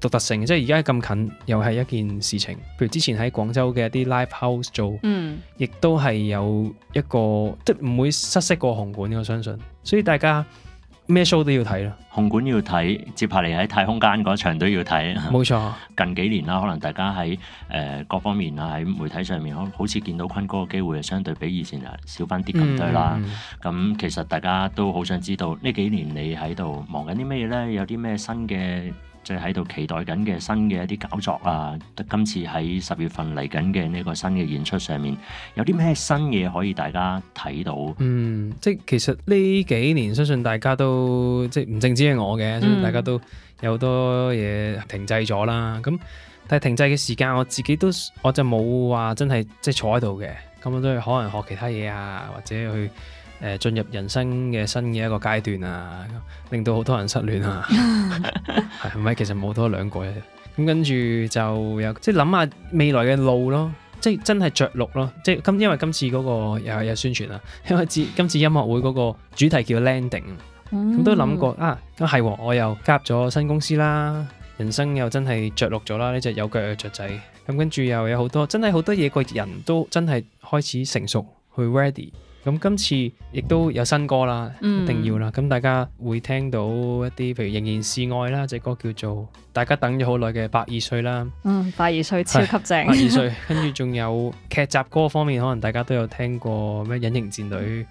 [SPEAKER 3] 獨特性，即係而家咁近又係一件事情。譬如之前喺廣州嘅一啲 live house 做，嗯、亦都係有一個，即唔會失色過紅館，我相信。所以大家。咩 show 都
[SPEAKER 1] 要睇啦，紅館要睇，接下嚟喺太空間嗰場都要睇。冇錯，近幾年啦，可能大家喺誒、呃、各方面啊，喺媒體上面，好好似見到坤哥嘅機會係相對比以前啊少翻啲咁對啦。咁、嗯嗯嗯、其實大家都好想知道，呢幾年你喺度忙緊啲咩咧？有啲咩新嘅？即係喺度期待緊嘅新嘅一啲搞作啊！今次喺十月份嚟緊嘅呢個新嘅演出上面，有啲咩新嘢可以大家睇到？嗯，即係其實呢幾年，相
[SPEAKER 3] 信大家都即係唔淨止係我嘅，相信大家都有好多嘢停滯咗啦。咁但係停滯嘅時間，我自己都我就冇話真係即係坐喺度嘅，咁我都可能學其他嘢啊，或者去。誒進入人生嘅新嘅一個階段啊，令到好多人失戀啊，係咪？其實冇多兩個人，咁跟住就有即係諗下未來嘅路咯，即係真係著陸咯，即係今因為今次嗰個又係有宣傳啊，因為今次音樂會嗰個主題叫 Landing，咁都諗過啊，咁係我又加入咗新公司啦，人生又真係著陸咗啦，呢隻有腳嘅雀仔，咁跟住又有好多真係好多嘢，個人都真係開始成熟去 ready。咁今次亦都有新歌啦，一定要啦。咁大家會聽到一啲，譬如仍然示愛啦，隻歌叫做大家等咗好耐嘅百二歲啦。嗯，
[SPEAKER 2] 百二歲，超級正。百二歲，
[SPEAKER 3] 跟住仲有劇集歌方面，可能大家都有聽過咩隱形戰隊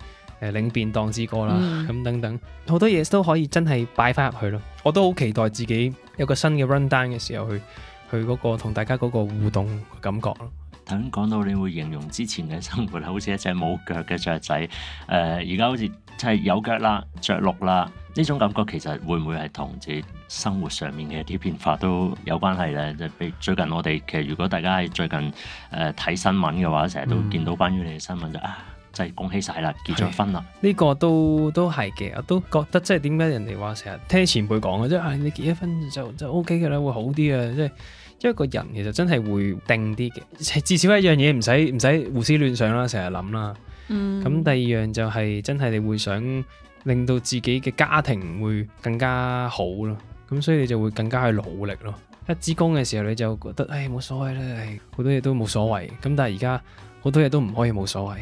[SPEAKER 3] 誒領便當之歌啦，咁等等，好多嘢都可以真係擺翻入去咯。我都好期待自己有個新嘅 run down 嘅時候，去去嗰個同大家嗰個互動感覺。
[SPEAKER 1] 頭先講到你會形容之前嘅生活好似一隻冇腳嘅雀仔，誒而家好似即係有腳啦，着、呃、陸啦，呢種感覺其實會唔會係同自己生活上面嘅一啲變化都有關係咧？即係譬如最近我哋其實如果大家係最近誒睇、呃、新聞嘅話，成日都見到關於你嘅新聞就、嗯、啊，即、就、係、是、恭喜晒啦，結咗婚啦，
[SPEAKER 3] 呢、這個都都係嘅，我都覺得即係點解人哋話成日聽前輩講嘅，即、啊、係你結咗婚就就 O K 嘅啦，會好啲嘅，即係。即係一個人，其實真係會定啲嘅，至少一樣嘢，唔使唔使胡思亂想啦，成日諗啦。
[SPEAKER 4] 咁、嗯、第
[SPEAKER 3] 二樣就係、是、真係你會想令到自己嘅家庭會更加好咯。咁所以你就會更加去努力咯。一支公嘅時候你就覺得唉，冇、哎、所謂啦，好、哎、多嘢都冇所謂。咁但係而家好多嘢都唔可以冇所謂，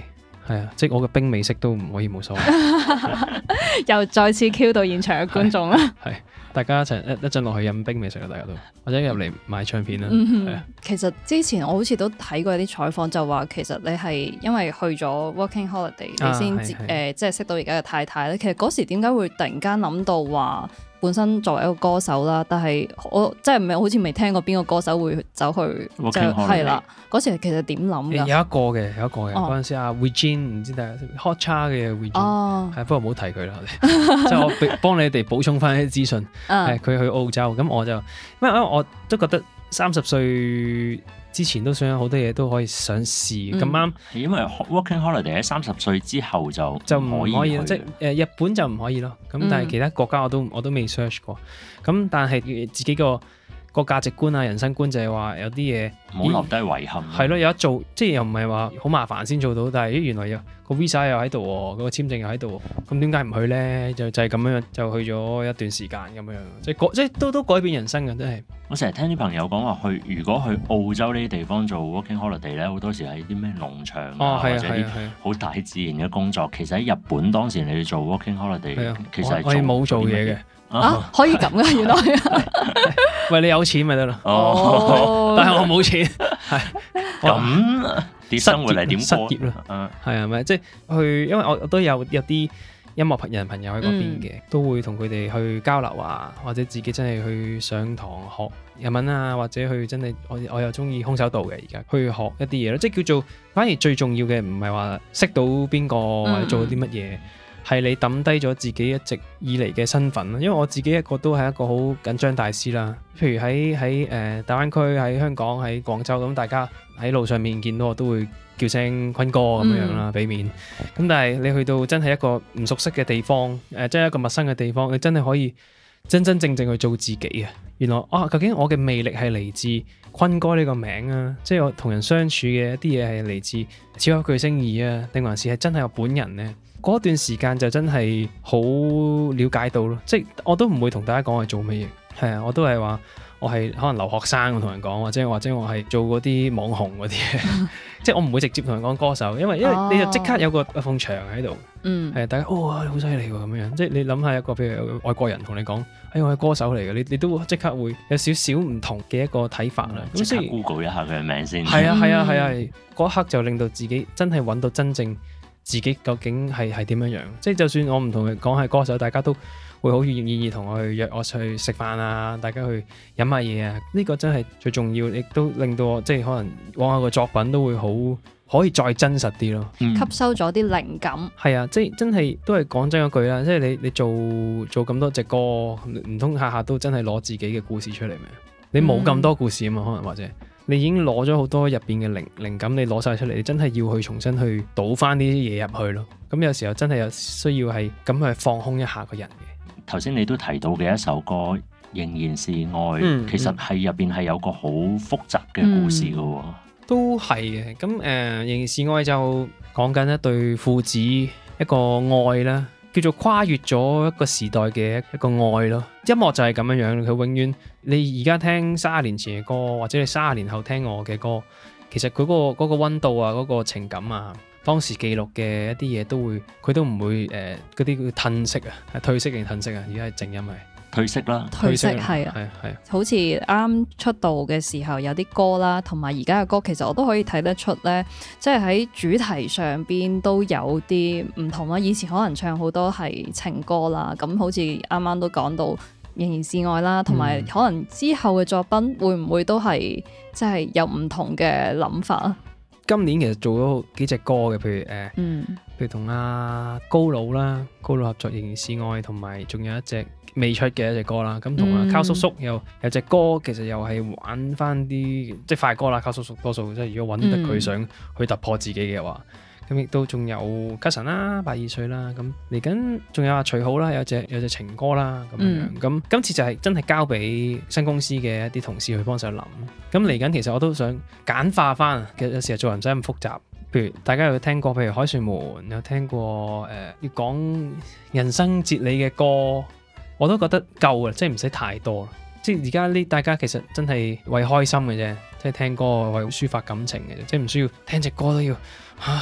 [SPEAKER 3] 係啊，即、就、係、是、我嘅冰美式都唔可以冇所謂。
[SPEAKER 2] 又 再次 Q 到現場嘅觀眾啦。
[SPEAKER 3] 大家一齊一一陣落去飲冰未？食啊！大家都或者入嚟買唱片啦。嗯、哼
[SPEAKER 2] 對其實之前我好似都睇過一啲採訪，就話其實你係因為去咗 Working Holiday、啊、你先才誒、呃、即係識到而家嘅太太咧。其實嗰時點解會突然間諗到話？本身作為一個歌手啦，但係我真係唔好似未聽過邊個歌手會走去 W aking 就係啦。嗰 W aking. 時其實點諗嘅？有一
[SPEAKER 3] 個嘅，有一個嘅。嗰陣時阿 We j i n 唔知大家知唔知 hot 叉 Hot Cha 嘅 Vijin，係不過唔好提佢啦。
[SPEAKER 5] 即係 我
[SPEAKER 3] 幫你哋補充翻一啲資訊，係佢去澳洲，咁、嗯、我就因為我都覺得。三十歲之前都想好多嘢都可以上試，咁啱、
[SPEAKER 1] 嗯。係因為 working holiday 喺三十歲之後就就唔可以，即係誒日本就唔可以咯。
[SPEAKER 3] 咁、嗯、但係其他國家我都我都未 search 過。咁但係自己個。個價值觀啊，人生觀就係話有啲嘢冇留低遺憾，係咯，有得做，即係又唔係話好麻煩先做到，但係咦原來個 visa 又喺度，個簽證又喺度，咁點解唔去咧？就就係咁樣，就去咗一段時間咁樣，即係即係都都改變人生嘅，真係。
[SPEAKER 1] 我成日聽啲朋友講話去，如果去澳洲呢啲地方做 working holiday 咧，好多時係啲咩農場啊，或者啲好大自然嘅工作，其實喺日本當時你做 working holiday，其實係冇做嘢嘅。
[SPEAKER 2] 啊，可以咁噶？原來，
[SPEAKER 1] 喂，你有錢咪得
[SPEAKER 3] 咯，哦，但係我
[SPEAKER 1] 冇錢，係咁啊，啲生活係點失業啦，
[SPEAKER 3] 係咪？即係去，因為我我都有有啲音樂人朋友喺嗰邊嘅，都會同佢哋去交流啊，或者自己真係去上堂學日文啊，或者去真係我我又中意空手道嘅，而家去學一啲嘢咯，即係叫做反而最重要嘅唔係話識到邊個或者做啲乜嘢。係你抌低咗自己一直以嚟嘅身份，因為我自己一個都係一個好緊張大師啦。譬如喺喺誒大灣區、喺香港、喺廣州咁，大家喺路上面見到我都會叫聲坤哥咁樣啦，俾、嗯、面。咁但係你去到真係一個唔熟悉嘅地方，誒、呃、真係一個陌生嘅地方，你真係可以真真正正去做自己啊！原來啊，究竟我嘅魅力係嚟自坤哥呢個名啊，即係我同人相處嘅一啲嘢係嚟自超級巨聲二啊，定還是係真係我本人呢？嗰段時間就真係好了解到咯，即係我都唔會同大家講係做乜嘢，係啊，我都係話我係可能留學生，我同人講或者或者我係做嗰啲網紅嗰啲，即係我唔會直接同人講歌手，因為因為你就即刻有個一埲牆喺度，嗯，係啊，大家哇好犀利喎咁樣，即係你諗下一個譬如外國人同你講，哎我係歌手嚟嘅，你你都即刻會有少少唔同嘅一個睇法啦，即刻 Google 一下佢嘅名先，係啊係啊係啊，嗰一刻就令到自己真係揾到真正。自己究竟係係點樣樣？即係就算我唔同佢講係歌手，大家都會好意願意同我去約我去食飯啊，大家去飲下嘢啊。呢個真係最重要，亦都令到我即係可能往後嘅作品都會好可以再真實啲咯。吸
[SPEAKER 2] 收咗啲靈感。
[SPEAKER 3] 係啊，即係真係都係講真嗰句啦。即係你你做做咁多隻歌，唔通下下都真係攞自己嘅故事出嚟咩？你冇咁多故事啊嘛，可能或者。你已經攞咗好多入邊嘅靈靈感，你攞晒出嚟，你真係要去重新去倒翻呢啲嘢入去咯。咁有時候真係有需要係咁去放空一下個
[SPEAKER 1] 人嘅。頭先你都提到嘅一首歌《仍然是愛》，嗯，其實係入邊係有個好複雜嘅故事嘅喎，嗯嗯。
[SPEAKER 3] 都係嘅，咁誒呃，《仍然是愛》就講緊一對父子一個愛啦。叫做跨越咗一個時代嘅一個愛咯，音樂就係咁樣樣，佢永遠你而家聽三十年前嘅歌，或者你三十年後聽我嘅歌，其實佢嗰個嗰個溫度啊，嗰個情感啊，當時記錄嘅一啲嘢都會，佢都唔會嗰啲叫褪色啊，係褪色定褪色啊，而家係靜音係。褪色啦，褪色係啊，係
[SPEAKER 2] 啊，係啊好似啱出道嘅時候有啲歌啦，同埋而家嘅歌，其實我都可以睇得出咧，即係喺主題上邊都有啲唔同啦。以前可能唱好多係情歌啦，咁好似啱啱都講到仍然熱愛啦，同埋、嗯、可能之後嘅作品會唔會都係即係有唔同嘅諗法啊？
[SPEAKER 3] 今年其實做咗幾隻歌嘅，譬如誒，呃嗯、譬如同阿高佬啦，高佬合作《仍然示愛》，同埋仲有一隻未出嘅一隻歌啦，咁同阿卡叔叔又、嗯、有隻歌，其實又係玩返啲即係快歌啦，卡叔叔多數即係如果揾得佢想去突破自己嘅話。嗯嗯。亦都仲有 Cousin 啦，八二歲啦，咁嚟緊仲有阿徐浩啦，有隻有隻情歌啦，咁樣，咁今次就係真係交俾新公司嘅一啲同事去幫手諗。咁嚟緊其實我都想簡化翻，其實有時做人唔使咁複雜。譬如大家有聽過，譬如海豚門，有聽過誒，要講人生哲理嘅歌，我都覺得夠噶，即係唔使太多啦。即係而家呢，大家其實真係為開心嘅啫，即係聽歌為抒發感情嘅啫，即係唔需要聽隻歌都要吓。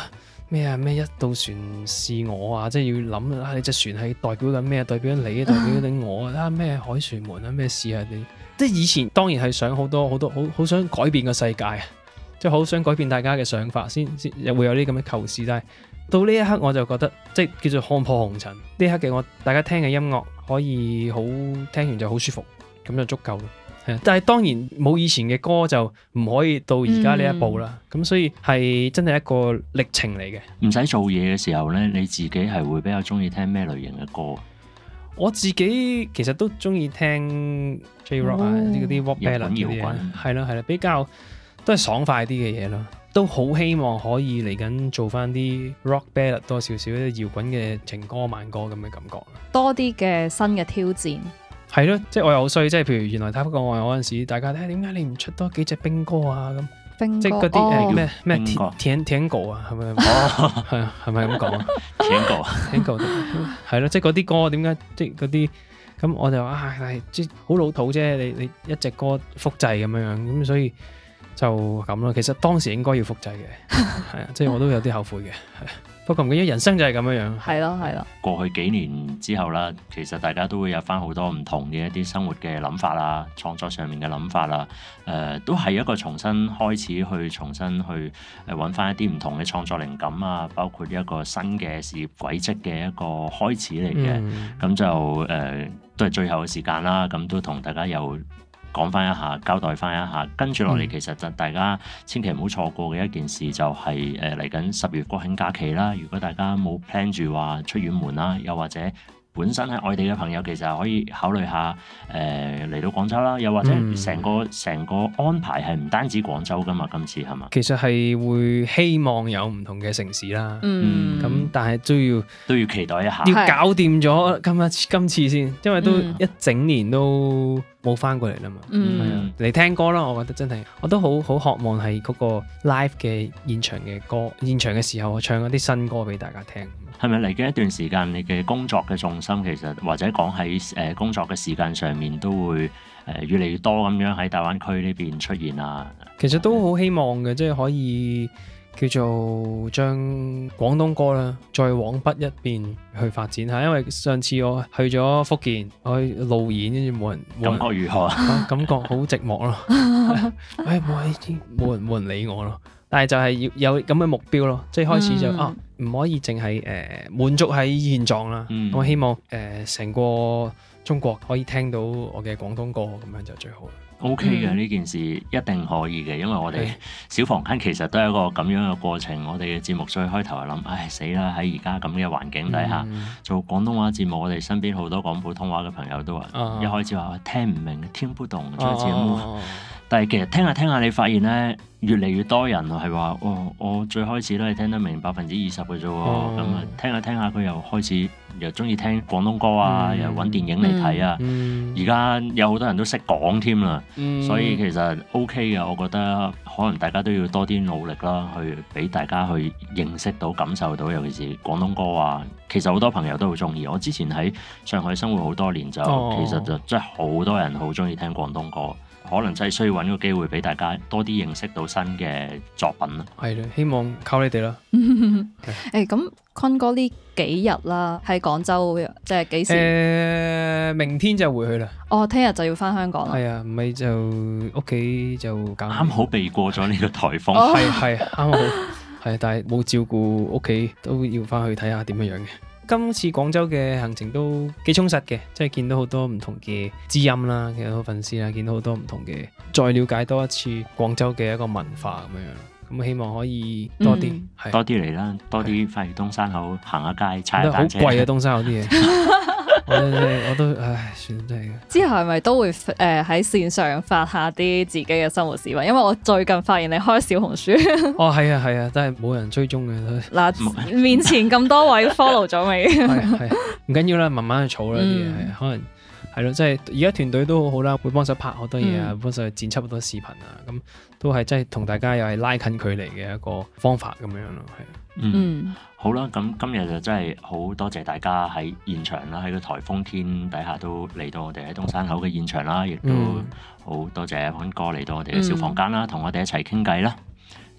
[SPEAKER 3] 咩啊？咩一到船是我啊？即係要諗啊！你隻船係代表緊咩、啊？代表緊你、啊，代表緊我啊！咩、啊、海船門啊？咩事下、啊、你即係以前當然係想好多好多好好想改變個世界啊！即係好想改變大家嘅想法先先，會有啲咁嘅構思。但係到呢一刻我就覺得即係叫做看破紅塵呢一刻嘅我，大家聽嘅音樂可以好，聽完就好舒服，咁就足夠。但係當然冇以前嘅歌就唔可以到而家呢一步啦。咁、嗯、所以係真係一個歷程嚟嘅。
[SPEAKER 1] 唔使做嘢嘅時候咧，你自己係會比較中意聽咩類型嘅歌？
[SPEAKER 3] 我自己其實都中意聽 J Rock 啊，啲嗰啲 Rock Ballad 啲嘢。係啦係啦，比較都係爽快啲嘅嘢咯。都好希望可以嚟緊做翻啲 Rock Ballad 多少少搖滾嘅情歌慢歌咁嘅感覺。
[SPEAKER 2] 多啲嘅新嘅挑戰。
[SPEAKER 3] 係咯，即係、嗯、我又好衰，即係譬如原來睇翻我嗰陣時，大家咧，點解你唔出多幾隻兵歌啊咁？
[SPEAKER 2] 即係嗰啲誒咩
[SPEAKER 3] 咩舔舔舔歌啊，係咪果？哦，係啊，係咪咁講啊？舔歌啊，舔歌，係咯，即係嗰啲歌點解即係嗰啲咁我就話唉，即係好老土啫，你你一隻歌複製咁樣樣，咁、嗯、所以就咁咯。其實當時應該要複製嘅，係啊、嗯，即係我都有啲後悔嘅。咁嘅，人生就係咁樣樣。係
[SPEAKER 2] 咯，係咯。
[SPEAKER 1] 過去幾年之後啦，其實大家都會有翻好多唔同嘅一啲生活嘅諗法啊，創作上面嘅諗法啦，誒、呃，都係一個重新開始去重新去誒搵返一啲唔同嘅創作靈感啊，包括一個新嘅事業軌跡嘅一個開始嚟嘅。咁、嗯、就誒、呃，都係最後嘅時間啦。咁都同大家有講翻一下，交代翻一下，跟住落嚟其實，就大家千祈唔好錯過嘅一件事就係誒，嚟緊十月國慶假期啦。如果大家冇 plan 住話出遠門啦，又或者～本身係外地嘅朋友其實可以考慮下誒嚟、呃、到廣州啦，又或者成個成、嗯、個安排係唔單止廣州噶嘛，今次係嘛？
[SPEAKER 3] 其實係會希望有唔同嘅城市啦，嗯，咁但係都要
[SPEAKER 1] 都要期待一下，要搞
[SPEAKER 3] 掂咗今次今次先，是因為都一整年都冇翻過嚟啦嘛，嗯，係啊嚟、嗯、聽歌啦，我覺得真係我都好好渴望係嗰個 live 嘅現場嘅歌，現場嘅時候我唱一啲新歌俾大家聽，
[SPEAKER 1] 係咪嚟緊一段時間你嘅工作嘅重？心其實或者講喺誒工作嘅時間上面都會誒、呃、越嚟越多咁樣喺大灣區呢邊出現啦。
[SPEAKER 3] 其實都好希望嘅，即係可以叫做將廣東歌啦，再往北一邊去發展下。因為上次我去咗福建，我去路演，跟住冇人。感覺如何啊？ 感覺好寂寞咯。喂、 哎，冇人，冇人，冇人理我咯。但係就係要有咁嘅目標咯，即係開始就啊，唔可以淨係誒滿足喺現狀啦。我希望誒成個中國可以聽到我嘅廣東歌，咁樣就最好
[SPEAKER 1] 啦。OK 嘅，呢件事一定可以嘅，因為我哋小房間其實都係一個咁樣嘅過程。我哋嘅節目最開頭就諗，唉死啦！喺而家咁嘅環境底下做廣東話節目，我哋身邊好多講普通話嘅朋友都話，一開始話聽唔明、聽不懂呢個節目。但係其實聽下聽下，你發現咧越嚟越多人係話，哦，我最開始都係聽得明百分之二十嘅啫喎，咁啊聽下聽下佢又開始又中意聽廣東歌啊，嗯、又揾電影嚟睇啊，而家、嗯、有好多人都識講添啦，嗯、所以其實 OK 嘅，我覺得可能大家都要多啲努力啦，去俾大家去認識到、感受到，尤其是廣東歌啊，其實好多朋友都好中意。我之前喺上海生活好多年就，哦、其實就真係好多人好中意聽廣東歌。可能真係需要揾個機會俾大家多啲認識到新嘅作品咯。係咯，
[SPEAKER 3] 希望靠你哋啦。
[SPEAKER 2] 誒 是，咁坤、欸、哥呢幾日啦？喺廣州即係幾時、呃？
[SPEAKER 3] 明天就回去啦。
[SPEAKER 2] 哦，聽日就要返香港啦。係
[SPEAKER 3] 啊，唔係就屋企就搞。啱好避過咗呢個颱風。係係， 啱好。係， 但係冇照顧屋企，都要返去睇下點樣樣嘅。今次廣州嘅行程都幾充實嘅，即係見到好多唔同嘅知音啦，見到好多粉絲啦，見到好多唔同嘅，再了解多一次廣州嘅一個文化咁樣樣。咁希望可以多啲，嗯、
[SPEAKER 1] 是多啲嚟啦，多啲翻去東山口是行下街，踩下單車。好貴啊！貴東山口啲嘢。 我，我都唉，算真係。
[SPEAKER 2] 之後係咪都會誒喺、呃、線上發下啲自己嘅生活視頻？因為我最近發現你開小紅書。
[SPEAKER 3] 哦，係啊，係啊，啊，但係冇人追蹤嘅都。嗱，
[SPEAKER 2] 面前咁多位 follow 咗未？係
[SPEAKER 3] 係唔緊要啦，慢慢去儲啦啲嘢、嗯啊。可能係咯，即係而家團隊都好好啦，會幫手拍好多嘢、嗯、啊，幫手剪輯好多視頻啊，咁都係即係同大家又係拉近距離嘅一個方法咁樣咯，係、啊。啊、嗯。嗯
[SPEAKER 1] 好啦，咁今日就真係好多謝大家喺現場啦，喺個颱風天底下都嚟到我哋喺東山口嘅現場啦，亦都好多謝阿坤哥嚟到我哋嘅小房間啦，同我哋一齊傾偈啦。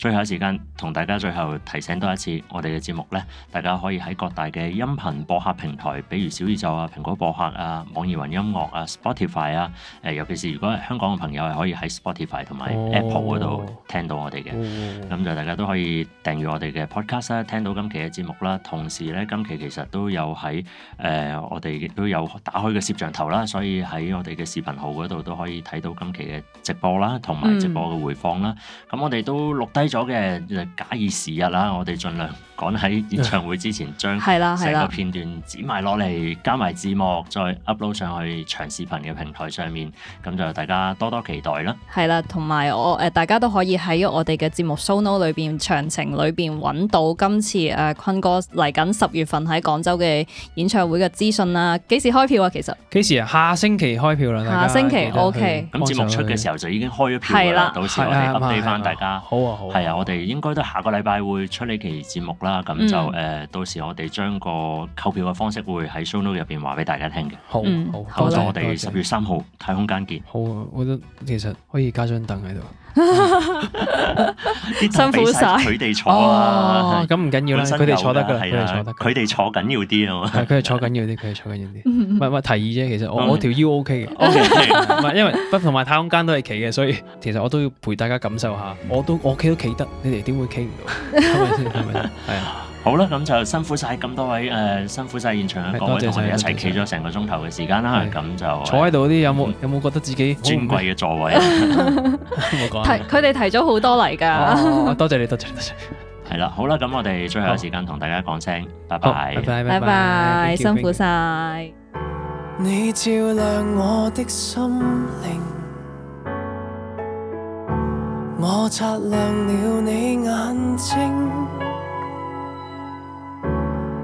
[SPEAKER 1] 最後一時間同大家最後提醒多一次，我哋嘅節目咧，大家可以喺各大嘅音頻播客平台，比如小宇宙啊、蘋果播客啊、網易雲音樂啊、Spotify 啊，誒、呃，尤其是如果是香港嘅朋友係可以喺 Spotify 同埋 Apple 嗰度聽到我哋嘅，咁、哦、就大家都可以訂閱我哋嘅 Podcast 啦、啊，聽到今期嘅節目啦。同時呢，今期其實都有喺誒、呃、我哋都有打開嘅攝像頭啦，所以喺我哋嘅視頻號嗰度都可以睇到今期嘅直播啦，同埋直播嘅回放啦。咁、嗯、我哋都錄低。咗嘅假以時日啦，我哋盡量趕喺演唱會之前將成個片段剪埋攞嚟，加埋字幕，再 upload 上，上去長視頻嘅平台上面，咁就大家多多期待啦。係啦，
[SPEAKER 2] 同埋我誒、呃、大家都可以喺我哋嘅節目 show note 裏邊詳情裏邊揾到今次誒、呃、坤哥嚟緊十月份喺廣州嘅演唱會嘅資訊啦。幾時開票啊？其實
[SPEAKER 1] 幾時啊？下星期開票啦、啊。下星期 OK。咁節目出嘅時候就已經開咗票啦。的到時我哋 update 翻大家。好啊，okay、好。好好好係啊，我哋應該都下個禮拜會出呢期節目啦，咁就誒、嗯呃，到時我哋將個購票嘅方式會喺 show note 入邊話俾大家聽嘅。好，嗯、多謝，多謝，我哋十月三號太空間見。
[SPEAKER 3] 好、啊，我覺得其實可以加張凳喺度。
[SPEAKER 2] 辛苦晒了，佢哋坐
[SPEAKER 3] 咁唔緊要啦，佢哋坐得噶，佢哋的坐得，佢哋坐緊要啲啊嘛！佢哋 坐緊要啲，佢哋坐緊要啲，唔係，唔係提議啫。其實我 Okay. 我條腰 OK 嘅，OK 唔係 因為包括埋太空間都係企嘅，所以其
[SPEAKER 1] 實我都要陪大家感受下。
[SPEAKER 3] 我都我企都企得，你哋點會企唔到？
[SPEAKER 1] 係咪先？係咪先？係啊！好啦，咁就辛苦晒咁多位誒、呃，辛苦曬現場嘅各位同我哋一齊企咗成個鐘頭嘅時間啦。咁、嗯、就坐喺度啲有冇有冇、嗯、覺得自己尊貴嘅座位？提
[SPEAKER 2] 佢哋提咗好多嚟㗎、哦。
[SPEAKER 1] 多謝你，多謝多謝。係啦，好啦，咁我哋最後時間同大家講聲，拜拜，拜拜，拜拜辛苦
[SPEAKER 2] 晒，你
[SPEAKER 5] 你照亮我的心靈，我擦亮了你眼睛。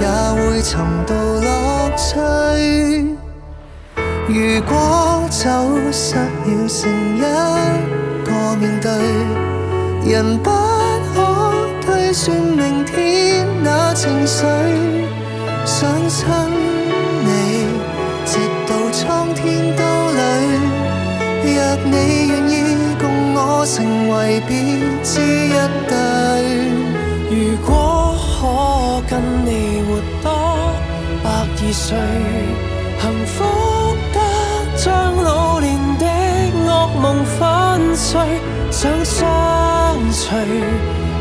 [SPEAKER 4] 也會尋到樂趣。如果走失了，成一個面對人不可推算明天那情緒，想親你直到蒼天都累。若你願意共我成為彼此一對。誰幸福
[SPEAKER 5] 得將老年的噩夢粉碎？想相隨，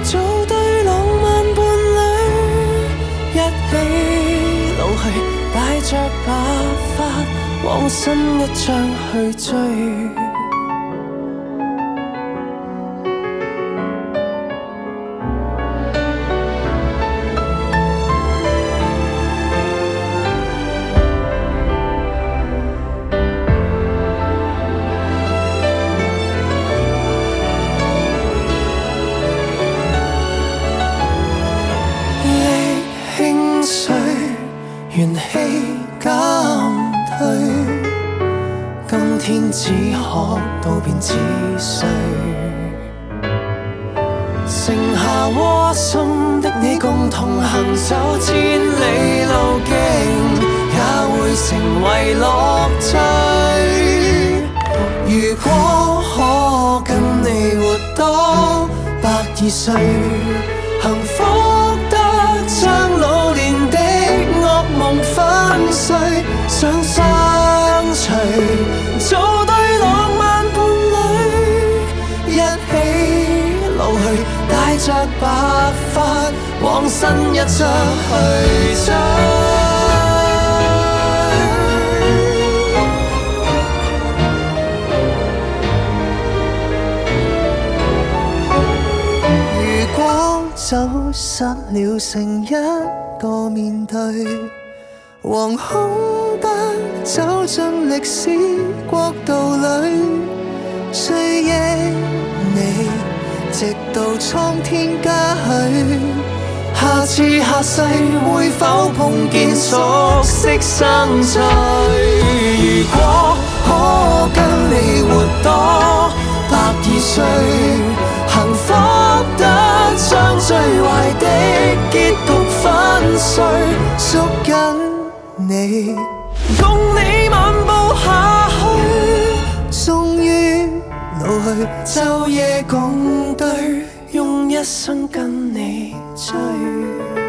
[SPEAKER 5] 做對浪漫伴侶，一起老去，帶著白髮往新一章去追。
[SPEAKER 4] 幸福得將老年的惡夢粉碎，想相隨，做對浪漫伴侶，一起老去，帶着白髮往新一章去追。走失了，剩一個面對，惶恐地走進歷史國度裏，追憶你，直到蒼天嘉許，下次下世會否碰見熟悉生趣？如果可跟你活多百二歲。將最壞的結局粉碎，捉緊你，共你漫步下去，終於老去，晝夜共對，用一生跟你追。